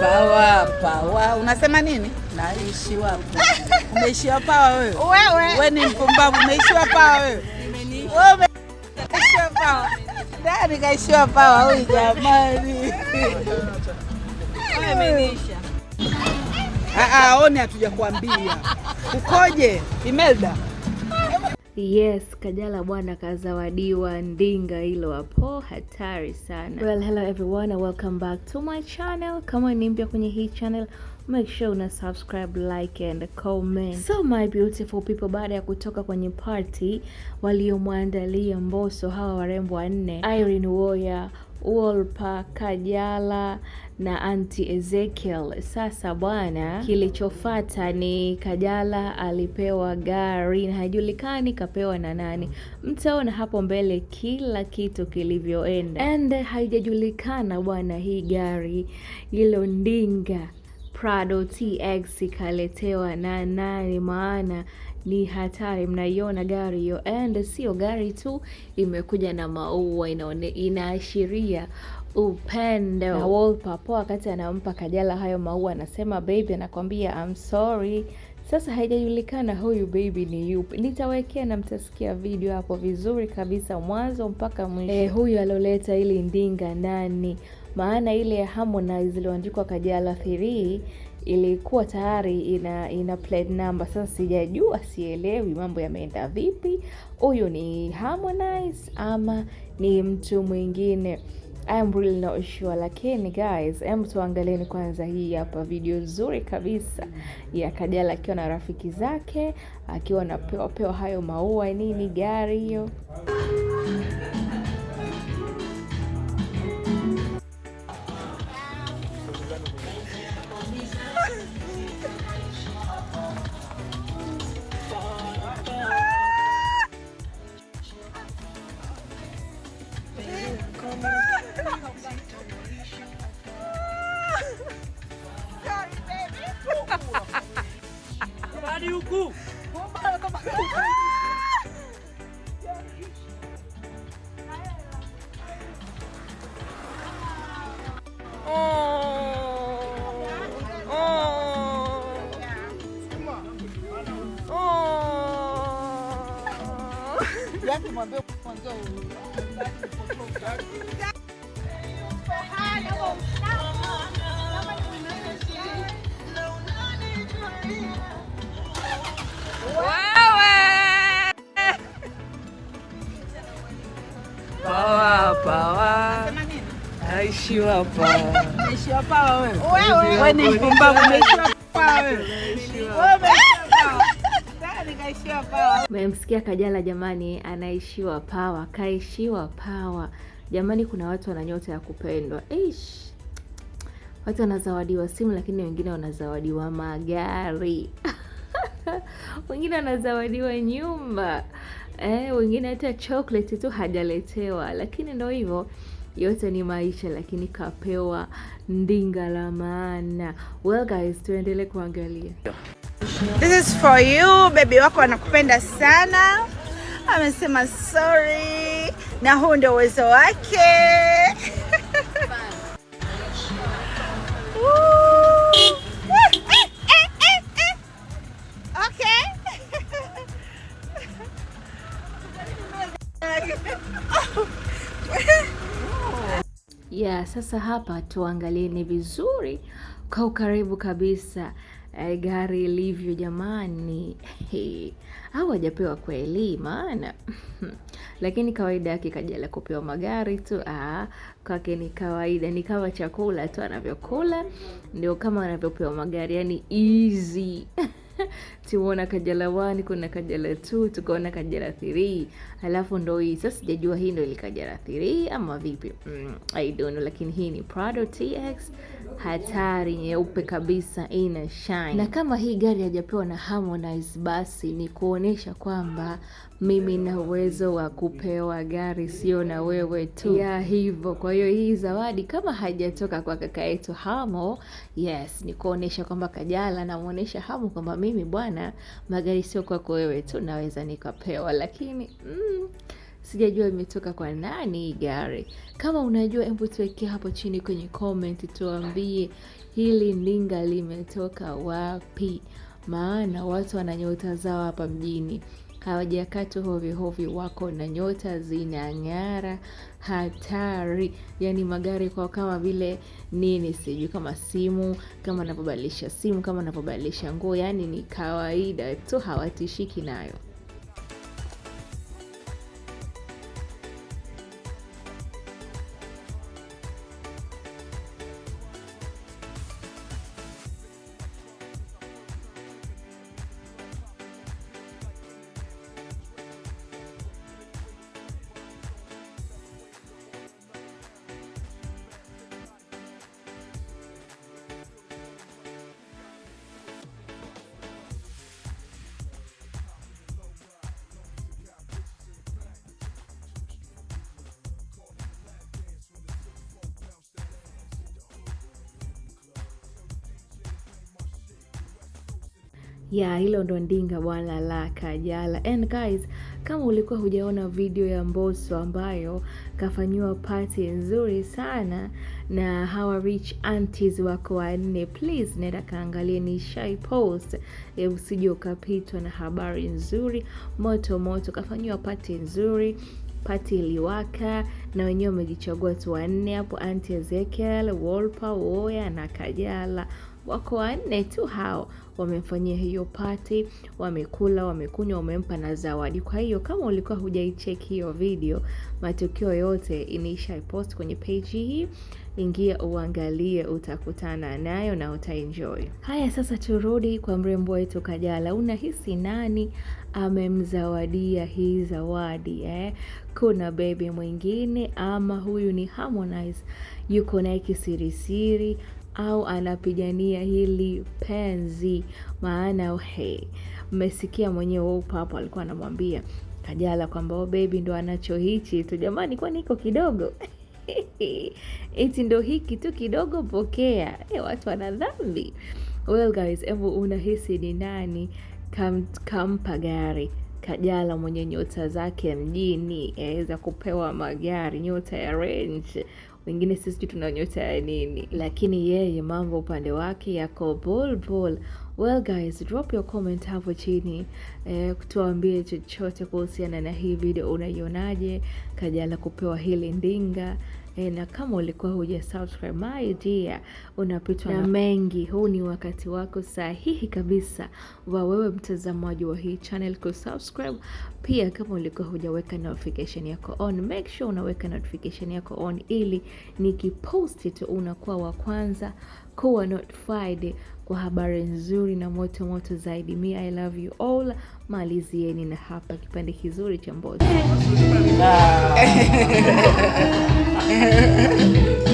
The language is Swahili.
Pawa, pawa. Unasema nini? Naishi wapo. Umeishi pawa wewe? Wewe. Wewe ni mpumbavu, umeishi pawa wewe. Wewe umeishi pawa. Ndani kaishi pawa huyu jamani. Ameniisha. Ah ah, oni hatujakwambia. Ukoje? Imelda. Yes, Kajala bwana kazawadiwa ndinga hilo hapo, hatari sana. Well, hello everyone and welcome back to my channel. Kama ni mpya kwenye hii channel, make sure una subscribe, like and comment. So my beautiful people, baada ya kutoka kwenye party waliomwandalia Mbosso hawa warembo wanne Irene Uwoya, Wolper, Kajala na anti Ezekiel. Sasa bwana, kilichofata ni Kajala alipewa gari na haijulikani kapewa na nani. Mtaona hapo mbele kila kitu kilivyoenda, and haijajulikana bwana, hii gari hilo ndinga Prado TX ikaletewa na nani? Maana ni hatari, mnaiona gari hiyo, and sio gari tu, imekuja na maua, inaashiria upendo na Wolper. po wakati anampa Kajala hayo maua, anasema baby, anakwambia I'm sorry. Sasa haijajulikana huyu baby ni yupi. Nitawekea na mtasikia video hapo vizuri kabisa mwanzo mpaka mwisho. Eh, huyu alioleta ili ndinga nani? Maana ile ya Harmonize iliyoandikwa Kajala 3 ilikuwa tayari ina ina plate number. Sasa sijajua, sielewi mambo yameenda vipi. Huyu ni Harmonize ama ni mtu mwingine? I am really not sure, lakini guys, em tuangalieni kwanza hii hapa video nzuri kabisa ya Kajala akiwa na rafiki zake akiwa anapewa pewa hayo maua nini gari hiyo e o cu! Vambora, toma! Já que mandou, mandou. Caralho! pawa aishiwa pawa Kajala jamani, anaishiwa pawa, kaishiwa pawa jamani. Kuna watu wana nyota ya kupendwa Eish. Watu wanazawadiwa simu, lakini wengine wanazawadiwa magari wengine wanazawadiwa nyumba eh, wengine hata chocolate tu hajaletewa, lakini ndo hivyo yote ni maisha, lakini kapewa ndinga la maana. Well guys, tuendelee kuangalia. This is for you baby wako anakupenda sana, amesema sorry, na huu ndio uwezo wake. Yeah, sasa hapa tuangalieni vizuri kwa ukaribu kabisa eh, gari ilivyo jamani. Au hajapewa kweli maana lakini kawaida yake Kajala kupewa magari tu. ah, kwake ni kawaida, ni kama chakula tu anavyokula ndio kama anavyopewa magari, yani easy tuona Kajala 1 kuna Kajala 2 tukaona Kajala 3 alafu ndo hii sasa, sijajua hii ndo ile Kajala 3 ama vipi? Mm, I don't know, lakini hii ni Prado TX hatari nyeupe kabisa, ina shine. Na kama hii gari hajapewa na Harmonize, basi ni kuonesha kwamba mimi na uwezo wa kupewa gari, sio na wewe tu ya hivyo. Kwa hiyo hii zawadi kama haijatoka kwa kaka yetu Hamo, yes, ni kuonesha kwamba Kajala namwonyesha Hamo kwamba mimi bwana, magari sio kwako wewe tu, naweza nikapewa, lakini mm, sijajua imetoka kwa nani hii gari. Kama unajua, hebu tuwekee hapo chini kwenye comment, tuambie hili ndinga limetoka wapi, maana watu wana nyota zao hapa mjini hovyo hovyo, wako na nyota zinang'ara, hatari. Yani magari kwa kama vile nini, sijui kama simu, kama anavyobadilisha simu, kama anavyobadilisha nguo, yani ni kawaida tu, hawatishiki nayo. ya hilo ndo ndinga bwana la Kajala. And guys, kama ulikuwa hujaona video ya Mbosso ambayo kafanyiwa party nzuri sana na hawa rich aunties wako wanne, please nenda kaangalie, ni shy post e, usije ukapitwa na habari nzuri moto moto. Kafanyiwa party nzuri pati iliwaka na wenyewe wamejichagua tu wanne hapo, anti Ezekiel, Wolpa, Woya na Kajala wako wanne tu hao, wamefanyia hiyo pati, wamekula, wamekunywa, wamempa na zawadi. Kwa hiyo kama ulikuwa hujaicheki hiyo video, matukio yote imeisha post kwenye page hii ingia uangalie, utakutana nayo na utaenjoy. Haya, sasa turudi kwa mrembo wetu Kajala. Unahisi nani amemzawadia hii zawadi eh? Kuna bebi mwingine ama huyu ni Harmonize yuko naye kisirisiri au anapigania hili penzi? Maana he, mmesikia mwenyewe Wolper hapo alikuwa anamwambia Kajala kwamba bebi ndo anacho hichi tu. Jamani, kwani iko kidogo? eti ndo hiki tu kidogo, pokea. E, watu wana dhambi. Well guys, hebu unahisi ni nani kam, kampa gari Kajala mwenye nyota zake mjini yaweza kupewa magari, nyota ya range wengine sisi tuna nyota ya nini, lakini yeye mambo upande wake yako bol bol. Well guys, drop your comment hapo chini eh, tuambie chochote kuhusiana na hii video. Unaionaje Kajala kupewa hili ndinga? e, na kama ulikuwa huja subscribe my dear, unapitwa na mengi. Huu ni wakati wako sahihi kabisa wa wewe mtazamaji wa hii channel subscribe. Pia kama ulikuwa hujaweka notification yako on, make sure unaweka notification yako on ili nikiposti tu unakuwa wa kwanza kuwa notified kwa habari nzuri na moto moto zaidi. Me I love you all. Malizieni na hapa kipande kizuri cha Mbozi. เฮ้